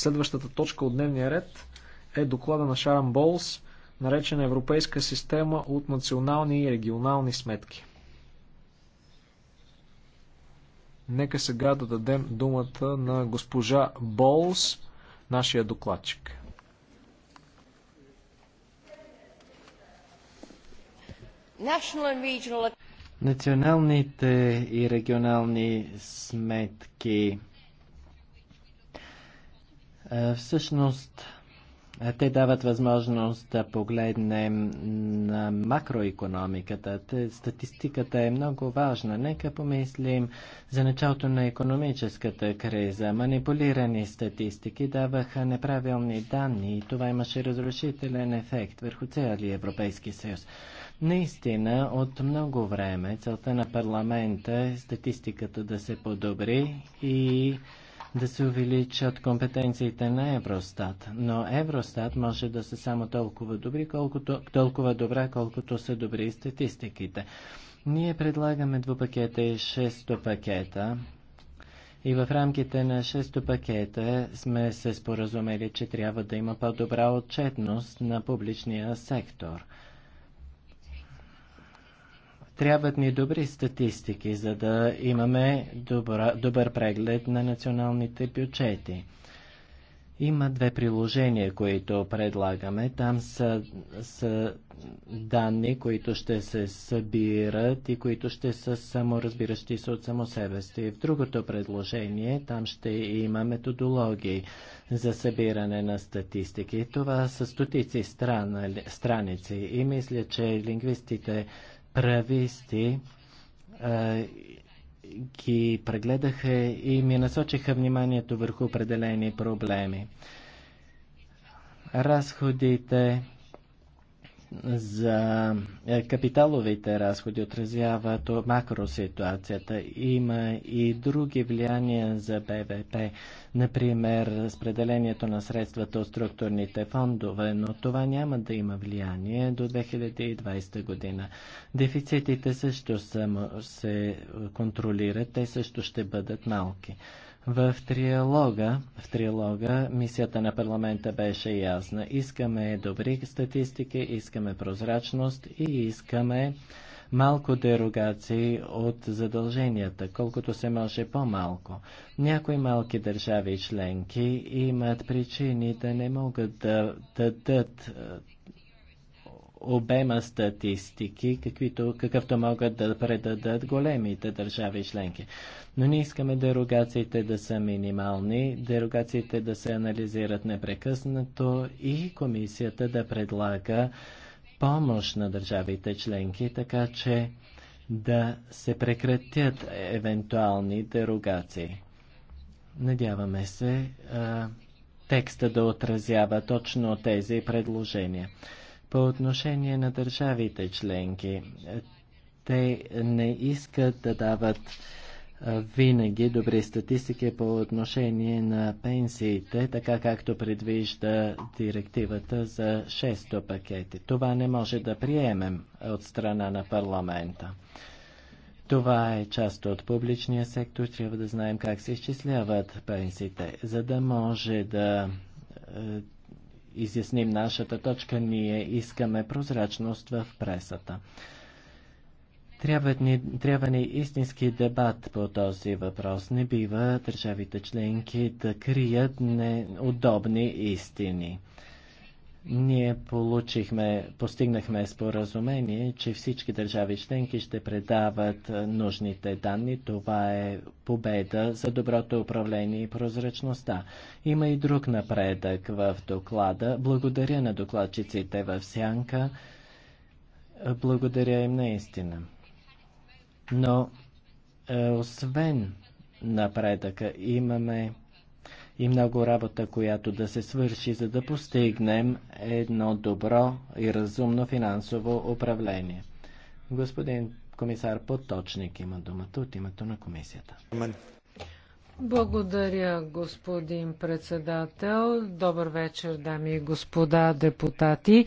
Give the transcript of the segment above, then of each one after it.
Следващата точка от дневния ред е доклада на Шаран Болс, наречена Европейска система от национални и регионални сметки. Нека сега да дадем думата на госпожа Болс, нашия докладчик. Националните и регионални сметки е, всъщност, е, те дават възможност да погледнем на макроекономиката. Статистиката е много важна. Нека помислим за началото на економическата криза. Манипулирани статистики даваха неправилни данни и това имаше разрушителен ефект върху целия Европейски съюз. Наистина, от много време целта на парламента е статистиката да се подобри и да се увеличат компетенциите на Евростат. Но Евростат може да са само толкова добри, колкото, толкова добра, колкото са добри и статистиките. Ние предлагаме два пакета и шесто пакета. И в рамките на шесто пакета сме се споразумели, че трябва да има по-добра отчетност на публичния сектор – Трябват ни добри статистики, за да имаме добра, добър преглед на националните бюджети. Има две приложения, които предлагаме. Там са, са данни, които ще се събират и които ще са саморазбиращи се от само себе си. В другото предложение там ще има методологии за събиране на статистики. Това са стотици страници и мисля, че лингвистите прависти ги прегледаха и ми насочиха вниманието върху определени проблеми. Разходите за е, капиталовите разходи отразяват макроситуацията. Има и други влияния за БВП, например разпределението на средствата от структурните фондове, но това няма да има влияние до 2020 година. Дефицитите също се контролират, те също ще бъдат малки. В триалога, в триалога мисията на парламента беше ясна. Искаме добри статистики, искаме прозрачност и искаме малко дерогации от задълженията, колкото се може по-малко. Някои малки държави членки имат причини да не могат да дадат обема статистики, каквито, какъвто могат да предадат големите държави членки. Но ние искаме дерогациите да са минимални, дерогациите да се анализират непрекъснато и комисията да предлага помощ на държавите членки, така че да се прекратят евентуални дерогации. Надяваме се а, текста да отразява точно тези предложения. По отношение на държавите членки, те не искат да дават винаги добри статистики по отношение на пенсиите, така както предвижда директивата за 6 пакети. Това не може да приемем от страна на парламента. Това е част от публичния сектор. Трябва да знаем как се изчисляват пенсиите, за да може да изясним нашата точка. Ние искаме прозрачност в пресата. Трябва ни, трябва ни истински дебат по този въпрос. Не бива държавите членки да крият неудобни истини. Ние получихме, постигнахме споразумение, че всички държави членки ще предават нужните данни. Това е победа за доброто управление и прозрачността. Има и друг напредък в доклада. Благодаря на докладчиците в Сянка. Благодаря им наистина. Но, е, освен напредъка, имаме и много работа, която да се свърши, за да постигнем едно добро и разумно финансово управление. Господин комисар Поточник има думата от името на комисията. Благодаря, господин председател. Добър вечер, дами и господа депутати.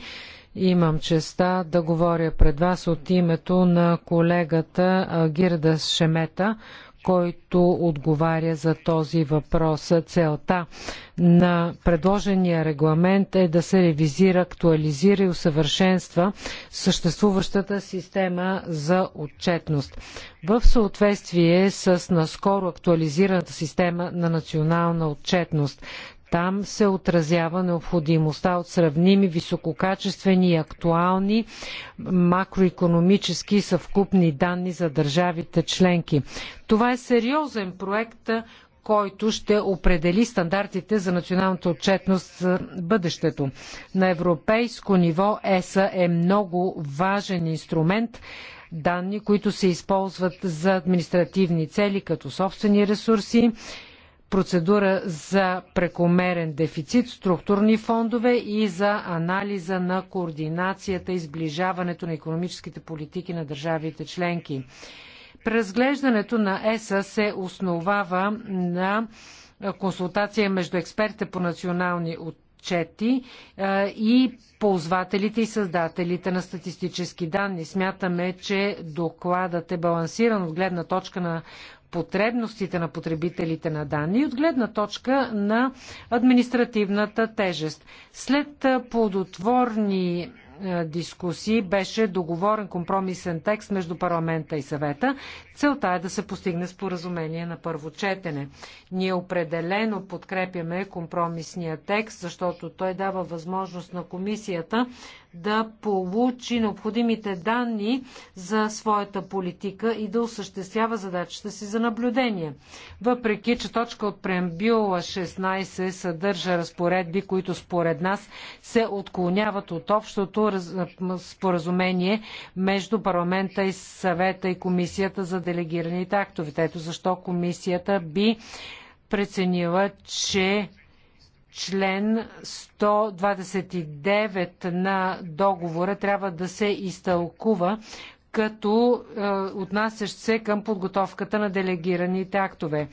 Имам честа да говоря пред вас от името на колегата Гирда Шемета който отговаря за този въпрос. Целта на предложения регламент е да се ревизира, актуализира и усъвършенства съществуващата система за отчетност. В съответствие с наскоро актуализираната система на национална отчетност, там се отразява необходимостта от сравними, висококачествени и актуални макроекономически съвкупни данни за държавите членки. Това е сериозен проект, който ще определи стандартите за националната отчетност за бъдещето. На европейско ниво ЕСА е много важен инструмент данни, които се използват за административни цели, като собствени ресурси, процедура за прекомерен дефицит, структурни фондове и за анализа на координацията и сближаването на економическите политики на държавите членки. Преразглеждането на ЕСА се основава на консултация между експертите по национални отчети и ползвателите и създателите на статистически данни. Смятаме, че докладът е балансиран от гледна точка на потребностите на потребителите на данни и от гледна точка на административната тежест. След плодотворни дискусии беше договорен компромисен текст между парламента и съвета. Целта е да се постигне споразумение на първо четене. Ние определено подкрепяме компромисния текст, защото той дава възможност на комисията да получи необходимите данни за своята политика и да осъществява задачата си за наблюдение. Въпреки, че точка от преамбюла 16 съдържа разпоредби, които според нас се отклоняват от общото споразумение между парламента и съвета и комисията за делегираните актове. Ето защо комисията би преценила, че член 129 на договора трябва да се изтълкува като е, отнасящ се към подготовката на делегираните актове.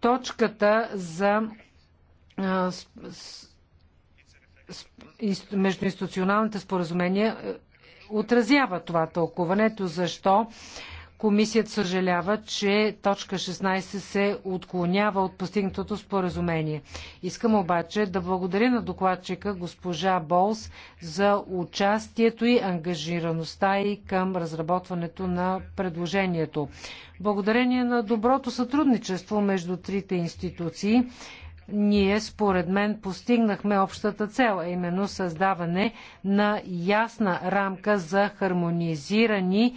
Точката за е, междуинституционалните споразумения е, отразява това тълкуването, защо Комисията съжалява, че точка 16 се отклонява от постигнатото споразумение. Искам обаче да благодаря на докладчика госпожа Болс за участието и ангажираността и към разработването на предложението. Благодарение на доброто сътрудничество между трите институции, ние, според мен, постигнахме общата цел, а именно създаване на ясна рамка за хармонизирани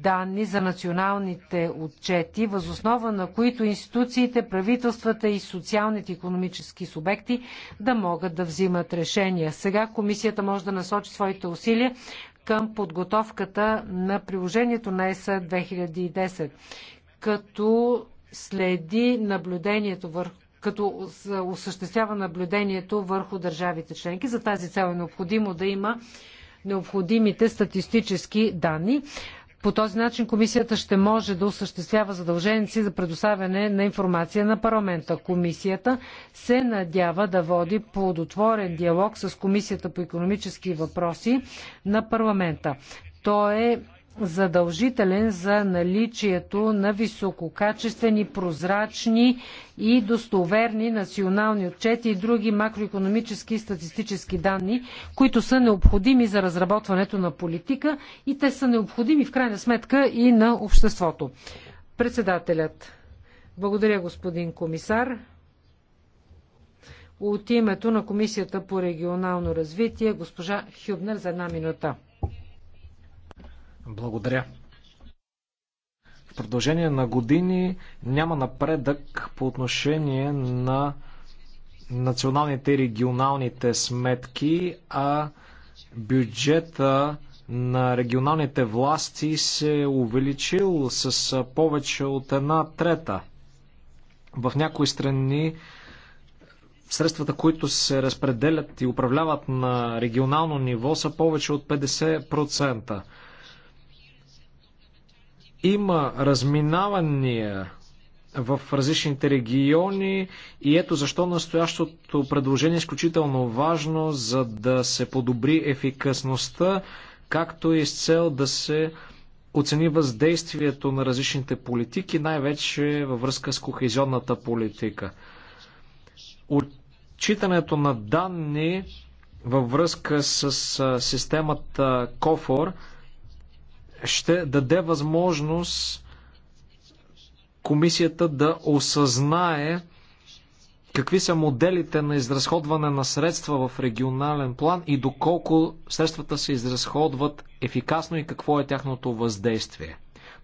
данни за националните отчети, възоснова на които институциите, правителствата и социалните и економически субекти да могат да взимат решения. Сега комисията може да насочи своите усилия към подготовката на приложението на ЕС 2010, като следи наблюдението върху като осъществява наблюдението върху държавите членки. За тази цел е необходимо да има необходимите статистически данни. По този начин комисията ще може да осъществява задълженията си за предоставяне на информация на парламента. Комисията се надява да води плодотворен диалог с Комисията по економически въпроси на парламента. То е задължителен за наличието на висококачествени, прозрачни и достоверни национални отчети и други макроекономически и статистически данни, които са необходими за разработването на политика и те са необходими в крайна сметка и на обществото. Председателят. Благодаря, господин комисар. От името на Комисията по регионално развитие, госпожа Хюбнер за една минута. Благодаря. В продължение на години няма напредък по отношение на националните и регионалните сметки, а бюджета на регионалните власти се е увеличил с повече от една трета. В някои страни средствата, които се разпределят и управляват на регионално ниво, са повече от 50%. Има разминавания в различните региони и ето защо настоящото предложение е изключително важно, за да се подобри ефикасността, както и с цел да се оцени въздействието на различните политики, най-вече във връзка с кохезионната политика. Отчитането на данни във връзка с системата КОФОР – ще даде възможност комисията да осъзнае какви са моделите на изразходване на средства в регионален план и доколко средствата се изразходват ефикасно и какво е тяхното въздействие.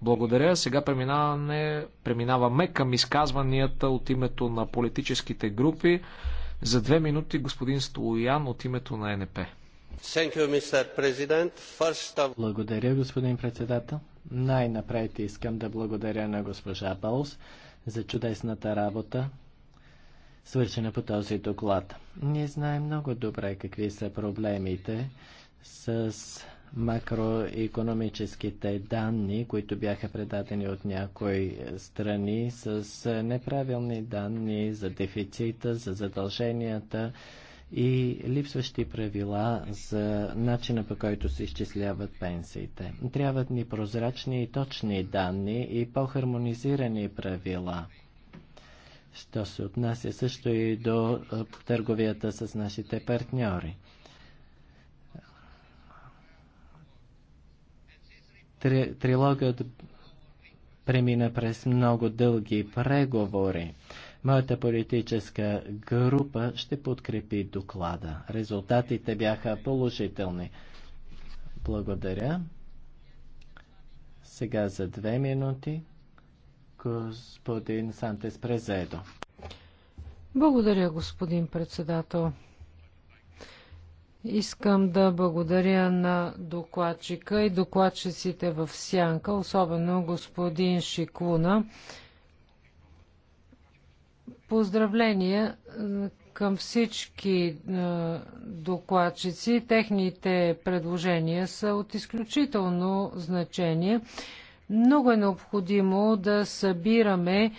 Благодаря. Сега преминаваме, преминаваме към изказванията от името на политическите групи. За две минути господин Столоян от името на НП. Благодаря, господин председател. Най-напред искам да благодаря на госпожа Паус за чудесната работа, свършена по този доклад. Ние знаем много добре какви са проблемите с макроекономическите данни, които бяха предадени от някои страни, с неправилни данни за дефицита, за задълженията, и липсващи правила за начина по който се изчисляват пенсиите. Трябват ни прозрачни и точни данни и по-хармонизирани правила. Що се отнася също и до търговията с нашите партньори. трилогът премина през много дълги преговори. Моята политическа група ще подкрепи доклада. Резултатите бяха положителни. Благодаря. Сега за две минути господин Сантес Презедо. Благодаря, господин председател. Искам да благодаря на докладчика и докладчиците в Сянка, особено господин Шиклуна, Поздравления е, към всички е, докладчици. Техните предложения са от изключително значение. Много е необходимо да събираме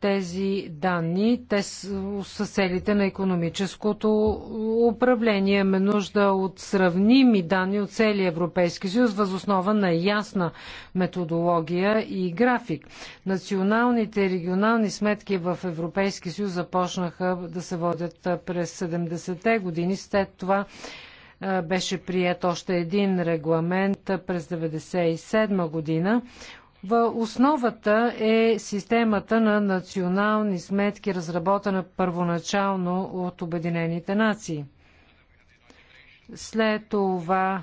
тези данни. Те са целите на економическото управление. Имаме нужда от сравними данни от целия Европейски съюз, възоснова на ясна методология и график. Националните и регионални сметки в Европейски съюз започнаха да се водят през 70-те години. След това беше прият още един регламент през 1997 година. В основата е системата на национални сметки, разработена първоначално от Обединените нации. След това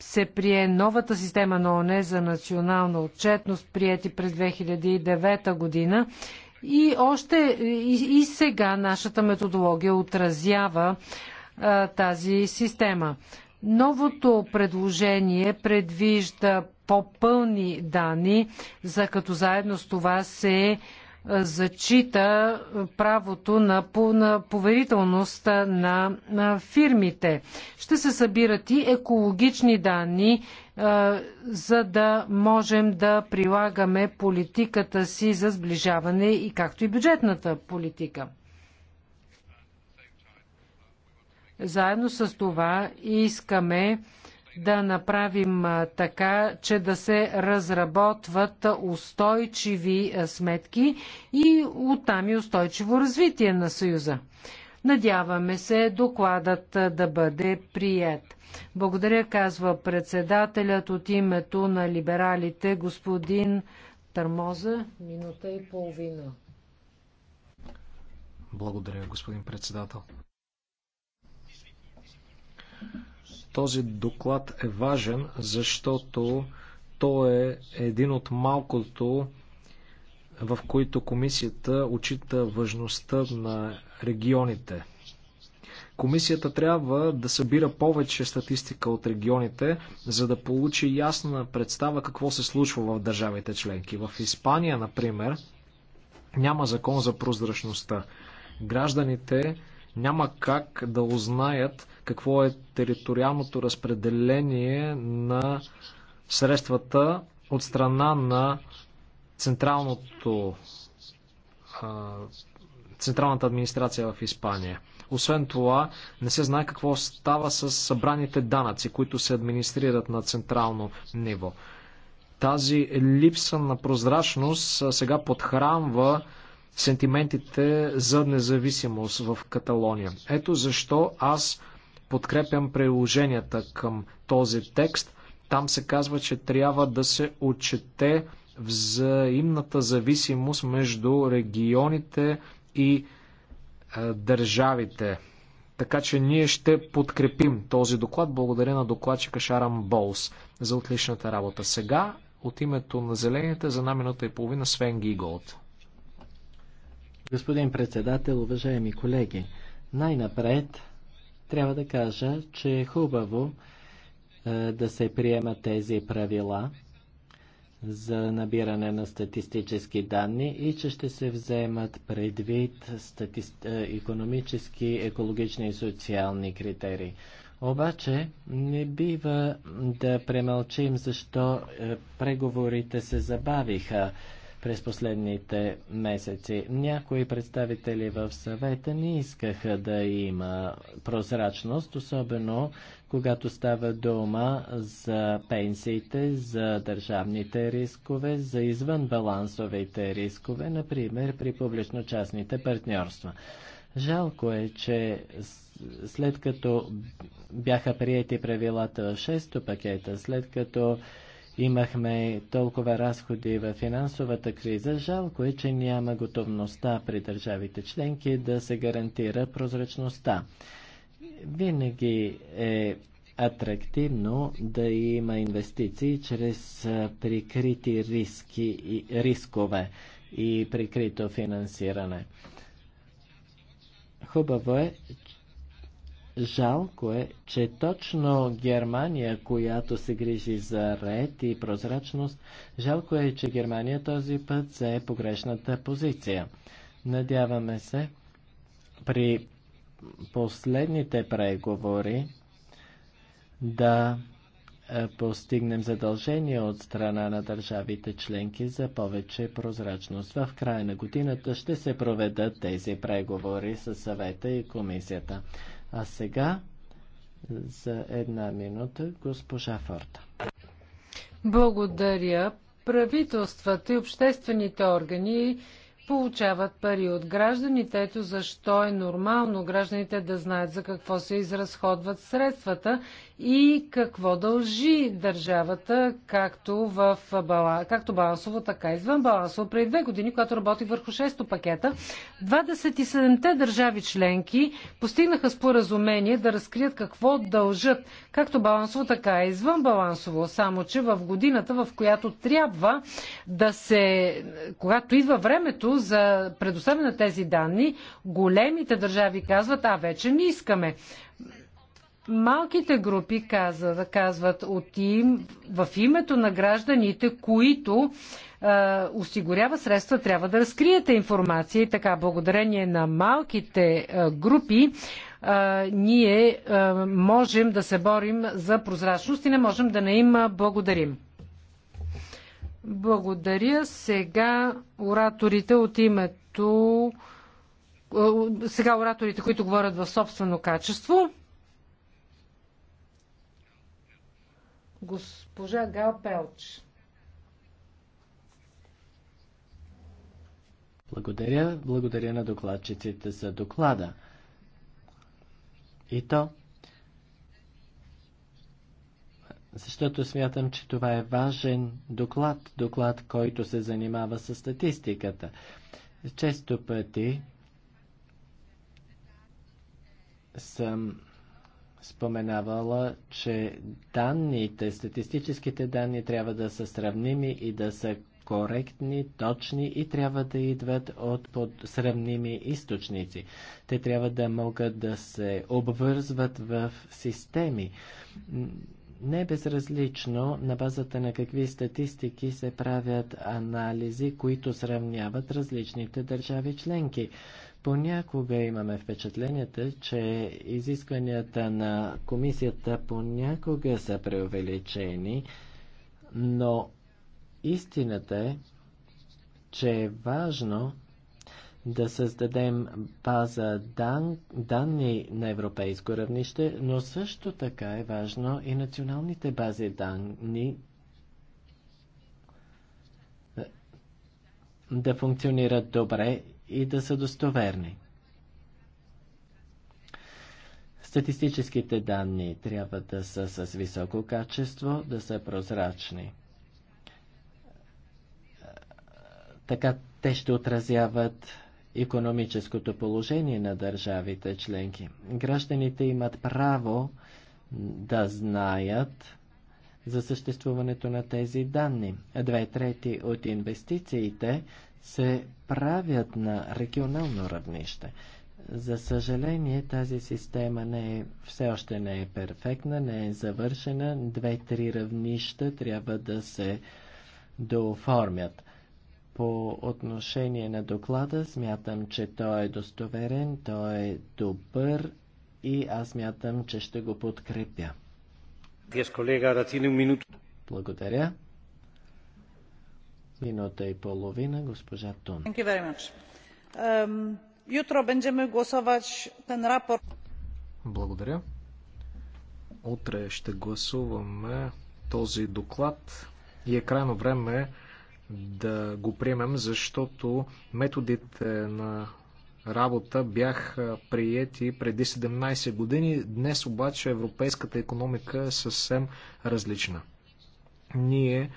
се прие новата система на ОНЕ за национална отчетност, прияти през 2009 година. И още и, и сега нашата методология отразява а, тази система. Новото предложение предвижда по-пълни данни, за като заедно с това се е, зачита е, правото на, поверителност е, на фирмите. Ще се събират и екологични данни, за да можем да прилагаме политиката си за сближаване и както и бюджетната политика. Заедно с това искаме да направим така, че да се разработват устойчиви сметки и оттам и устойчиво развитие на Съюза. Надяваме се докладът да бъде прият. Благодаря, казва председателят от името на либералите, господин Търмоза, минута и половина. Благодаря, господин председател. Този доклад е важен, защото той е един от малкото, в които комисията очита важността на регионите. Комисията трябва да събира повече статистика от регионите, за да получи ясна представа какво се случва в държавите членки. В Испания, например, няма закон за прозрачността. Гражданите няма как да узнаят какво е териториалното разпределение на средствата от страна на централното, централната администрация в Испания. Освен това, не се знае какво става с събраните данъци, които се администрират на централно ниво. Тази липса на прозрачност сега подхранва сентиментите за независимост в Каталония. Ето защо аз подкрепям приложенията към този текст. Там се казва, че трябва да се отчете взаимната зависимост между регионите и е, държавите. Така че ние ще подкрепим този доклад. Благодаря на докладчика Шарам Болс за отличната работа. Сега от името на Зелените за една минута и половина Свен Гиголт. Господин председател, уважаеми колеги, най-напред трябва да кажа, че е хубаво е, да се приемат тези правила за набиране на статистически данни и че ще се вземат предвид стати... економически, екологични и социални критерии. Обаче не бива да премълчим защо е, преговорите се забавиха през последните месеци. Някои представители в съвета не искаха да има прозрачност, особено когато става дума за пенсиите, за държавните рискове, за извънбалансовите рискове, например при публично-частните партньорства. Жалко е, че след като бяха приети правилата в 6 пакета, след като имахме толкова разходи в финансовата криза. Жалко е, че няма готовността при държавите членки да се гарантира прозрачността. Винаги е атрактивно да има инвестиции чрез прикрити риски и рискове и прикрито финансиране. Хубаво е, Жалко е, че точно Германия, която се грижи за ред и прозрачност, жалко е, че Германия този път зае погрешната позиция. Надяваме се, при последните преговори да е, постигнем задължение от страна на държавите членки за повече прозрачност. В края на годината ще се проведат тези преговори с съвета и комисията. А сега за една минута госпожа Форта. Благодаря. Правителствата и обществените органи получават пари от гражданите. Ето защо е нормално гражданите да знаят за какво се изразходват средствата и какво дължи държавата, както, в бала, както балансово, така и извън балансово. Преди две години, когато работих върху 6 пакета, 27-те държави членки постигнаха споразумение да разкрият какво дължат, както балансово, така и извън балансово. Само, че в годината, в която трябва да се, когато идва времето за предоставяне на тези данни, големите държави казват, а вече не искаме малките групи казва, да казват от им, в името на гражданите, които е, осигурява средства, трябва да разкриете информация и така, благодарение на малките е, групи, е, ние е, можем да се борим за прозрачност и не можем да не им благодарим. Благодаря. Сега ораторите от името сега ораторите, които говорят в собствено качество. Госпожа Гал Пелч. Благодаря, благодаря на докладчиците за доклада. И то, защото смятам, че това е важен доклад, доклад, който се занимава с статистиката. Често пъти съм споменавала, че данните, статистическите данни трябва да са сравними и да са коректни, точни и трябва да идват от под сравними източници. Те трябва да могат да се обвързват в системи. Не безразлично на базата на какви статистики се правят анализи, които сравняват различните държави членки. Понякога имаме впечатлението, че изискванията на комисията понякога са преувеличени, но истината е, че е важно да създадем база дан, данни на европейско равнище, но също така е важно и националните бази данни да функционират добре и да са достоверни. Статистическите данни трябва да са с високо качество, да са прозрачни. Така те ще отразяват економическото положение на държавите членки. Гражданите имат право да знаят за съществуването на тези данни. Две трети от инвестициите се правят на регионално равнище. За съжаление, тази система не е, все още не е перфектна, не е завършена. Две-три равнища трябва да се дооформят. По отношение на доклада, смятам, че той е достоверен, той е добър и аз смятам, че ще го подкрепя. Благодаря. Минута и половина, госпожа Тун. Благодаря. Утре ще гласуваме този доклад и е крайно време да го приемем, защото методите на работа бяха приети преди 17 години. Днес обаче европейската економика е съвсем различна. Ние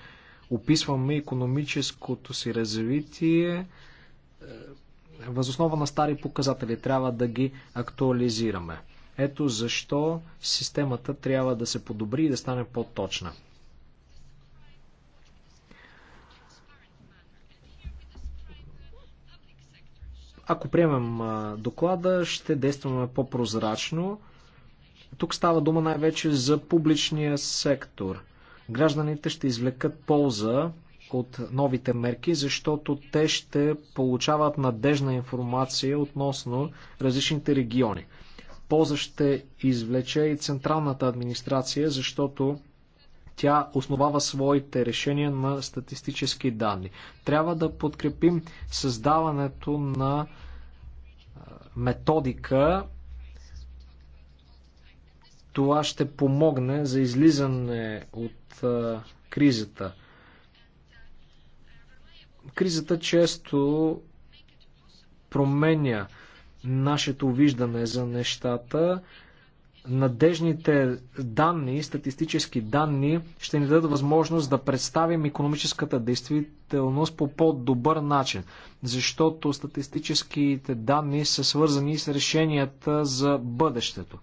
описваме економическото си развитие е, възоснова на стари показатели. Трябва да ги актуализираме. Ето защо системата трябва да се подобри и да стане по-точна. Ако приемем доклада, ще действаме по-прозрачно. Тук става дума най-вече за публичния сектор. Гражданите ще извлекат полза от новите мерки, защото те ще получават надежна информация относно различните региони. Полза ще извлече и централната администрация, защото тя основава своите решения на статистически данни. Трябва да подкрепим създаването на методика това ще помогне за излизане от а, кризата. Кризата често променя нашето виждане за нещата. Надежните данни, статистически данни, ще ни дадат възможност да представим економическата действителност по по-добър начин, защото статистическите данни са свързани с решенията за бъдещето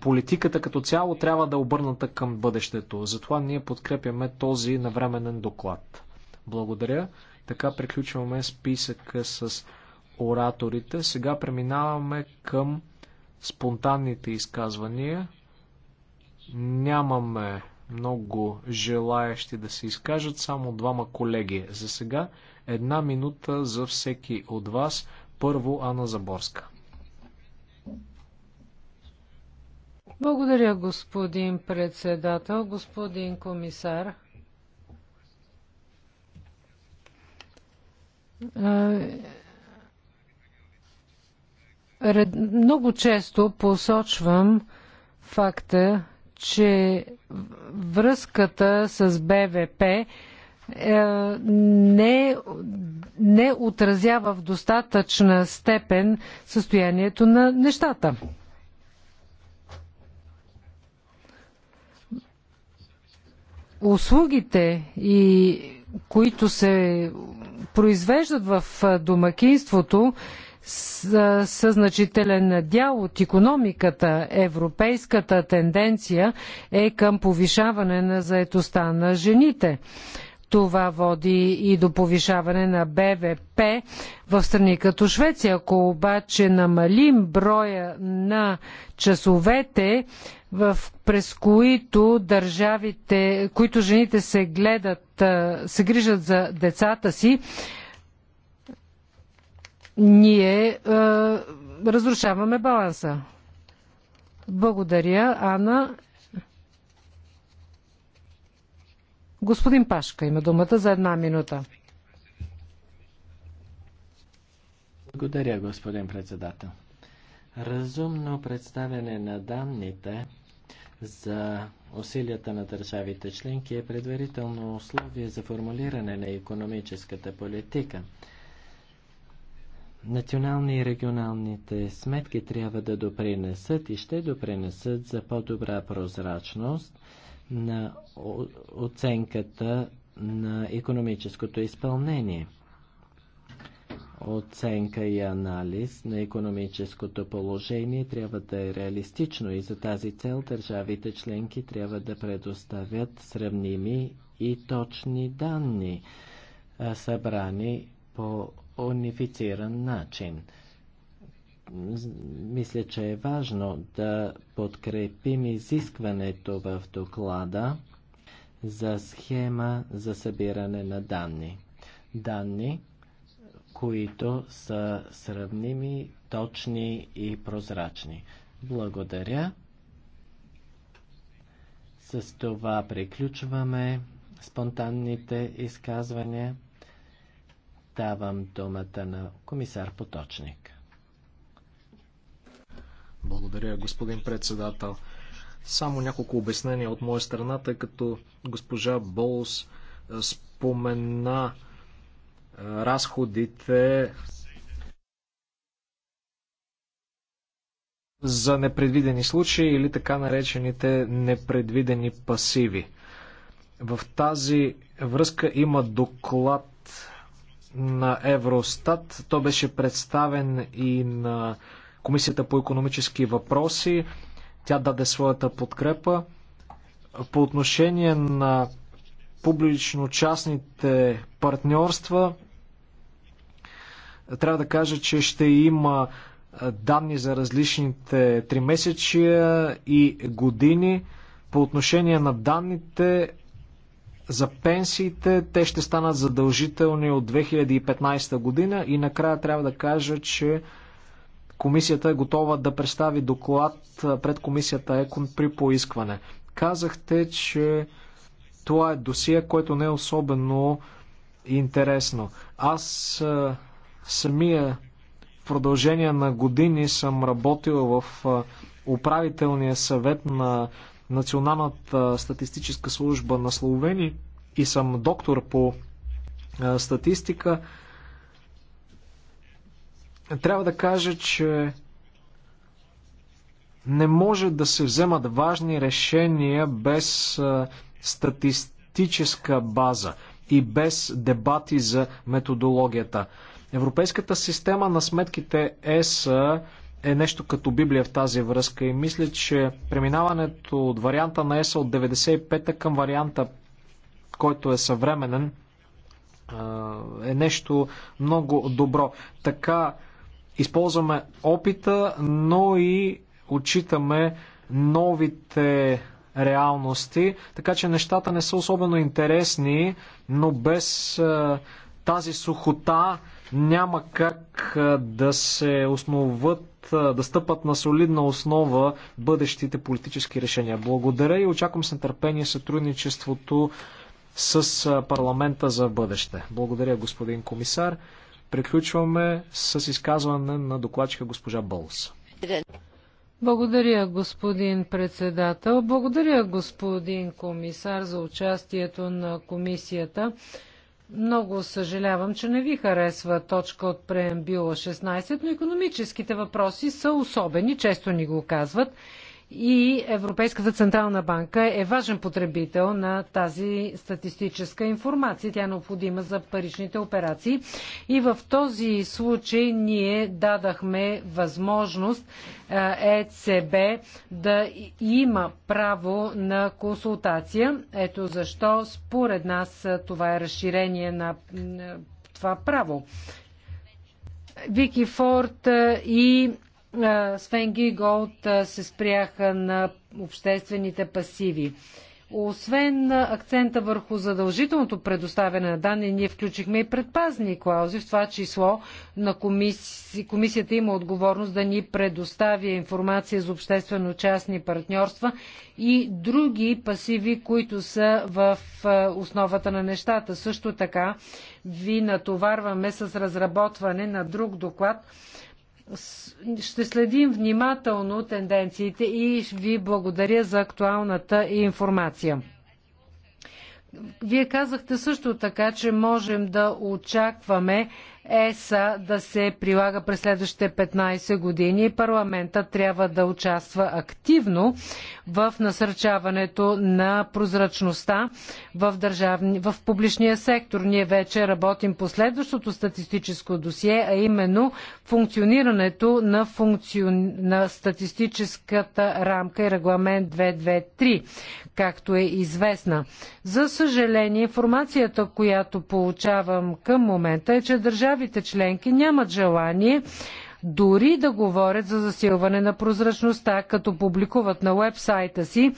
политиката като цяло трябва да е обърната към бъдещето. Затова ние подкрепяме този навременен доклад. Благодаря. Така приключваме списъка с ораторите. Сега преминаваме към спонтанните изказвания. Нямаме много желаящи да се изкажат, само двама колеги. За сега една минута за всеки от вас. Първо Ана Заборска. Благодаря, господин председател, господин комисар. Е, много често посочвам факта, че връзката с БВП е, не, не отразява в достатъчна степен състоянието на нещата. услугите и които се произвеждат в домакинството са, са значителен дял от економиката. Европейската тенденция е към повишаване на заетостта на жените. Това води и до повишаване на БВП в страни като Швеция. Ако обаче намалим броя на часовете, в, през които държавите, които жените се гледат, се грижат за децата си, ние е, разрушаваме баланса. Благодаря, Ана. Господин Пашка има думата за една минута. Благодаря, господин председател. Разумно представяне на данните за усилията на държавите членки е предварително условие за формулиране на економическата политика. Национални и регионалните сметки трябва да допринесат и ще допринесат за по-добра прозрачност на оценката на економическото изпълнение. Оценка и анализ на економическото положение трябва да е реалистично и за тази цел държавите членки трябва да предоставят сравними и точни данни, събрани по унифициран начин мисля, че е важно да подкрепим изискването в доклада за схема за събиране на данни. Данни, които са сравними, точни и прозрачни. Благодаря. С това приключваме спонтанните изказвания. Давам думата на комисар Поточник. Благодаря, господин председател. Само няколко обяснения от моя страна, тъй като госпожа Болс спомена разходите за непредвидени случаи или така наречените непредвидени пасиви. В тази връзка има доклад на Евростат. То беше представен и на Комисията по економически въпроси. Тя даде своята подкрепа. По отношение на публично-частните партньорства, трябва да кажа, че ще има данни за различните тримесечия и години. По отношение на данните за пенсиите, те ще станат задължителни от 2015 година и накрая трябва да кажа, че Комисията е готова да представи доклад пред комисията ЕКОН при поискване. Казахте, че това е досие, което не е особено интересно. Аз самия в продължение на години съм работил в управителния съвет на Националната статистическа служба на Словения и съм доктор по статистика трябва да кажа, че не може да се вземат важни решения без статистическа база и без дебати за методологията. Европейската система на сметките ЕС е нещо като Библия в тази връзка и мисля, че преминаването от варианта на ЕС от 95-та към варианта, който е съвременен, е нещо много добро. Така Използваме опита, но и отчитаме новите реалности, така че нещата не са особено интересни, но без е, тази сухота няма как е, да се основат, е, да стъпат на солидна основа бъдещите политически решения. Благодаря и очаквам с нетърпение сътрудничеството с е, парламента за бъдеще. Благодаря, господин комисар. Приключваме с изказване на докладчика госпожа Болс. Благодаря, господин председател. Благодаря, господин комисар, за участието на комисията. Много съжалявам, че не ви харесва точка от преембила 16, но економическите въпроси са особени, често ни го казват и Европейската централна банка е важен потребител на тази статистическа информация. Тя е необходима за паричните операции. И в този случай ние дадахме възможност е, ЕЦБ да има право на консултация. Ето защо според нас това е разширение на това право. Вики Форд е, и Свен Голд се спряха на обществените пасиви. Освен акцента върху задължителното предоставяне на данни, ние включихме и предпазни клаузи, в това число на комиси... комисията има отговорност да ни предоставя информация за обществено-частни партньорства и други пасиви, които са в основата на нещата. Също така ви натоварваме с разработване на друг доклад ще следим внимателно тенденциите и ви благодаря за актуалната информация. Вие казахте също така, че можем да очакваме ЕСА да се прилага през следващите 15 години. Парламентът трябва да участва активно в насърчаването на прозрачността в, държавни, в публичния сектор. Ние вече работим по следващото статистическо досие, а именно функционирането на, функцион... на статистическата рамка и регламент 223, както е известна. За съжаление, информацията, която получавам към момента е, че държави държавите членки нямат желание дори да говорят за засилване на прозрачността, като публикуват на уебсайта си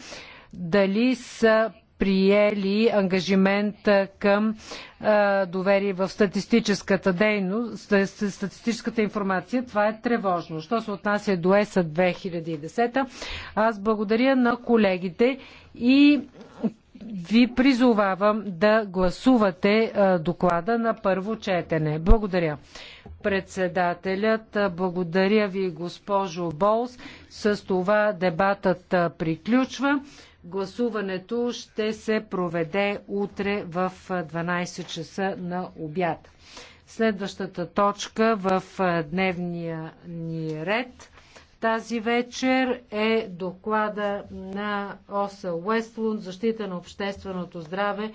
дали са приели ангажимент към а, доверие в статистическата дейност, статистическата информация. Това е тревожно. Що се отнася до ЕСА 2010, аз благодаря на колегите и ви призовавам да гласувате е, доклада на първо четене. Благодаря. Председателят, е, благодаря ви, госпожо Болс. С това дебатът е, приключва. Гласуването ще се проведе утре в 12 часа на обяд. Следващата точка в дневния ни ред – тази вечер е доклада на ОСА Уестлунд, защита на общественото здраве.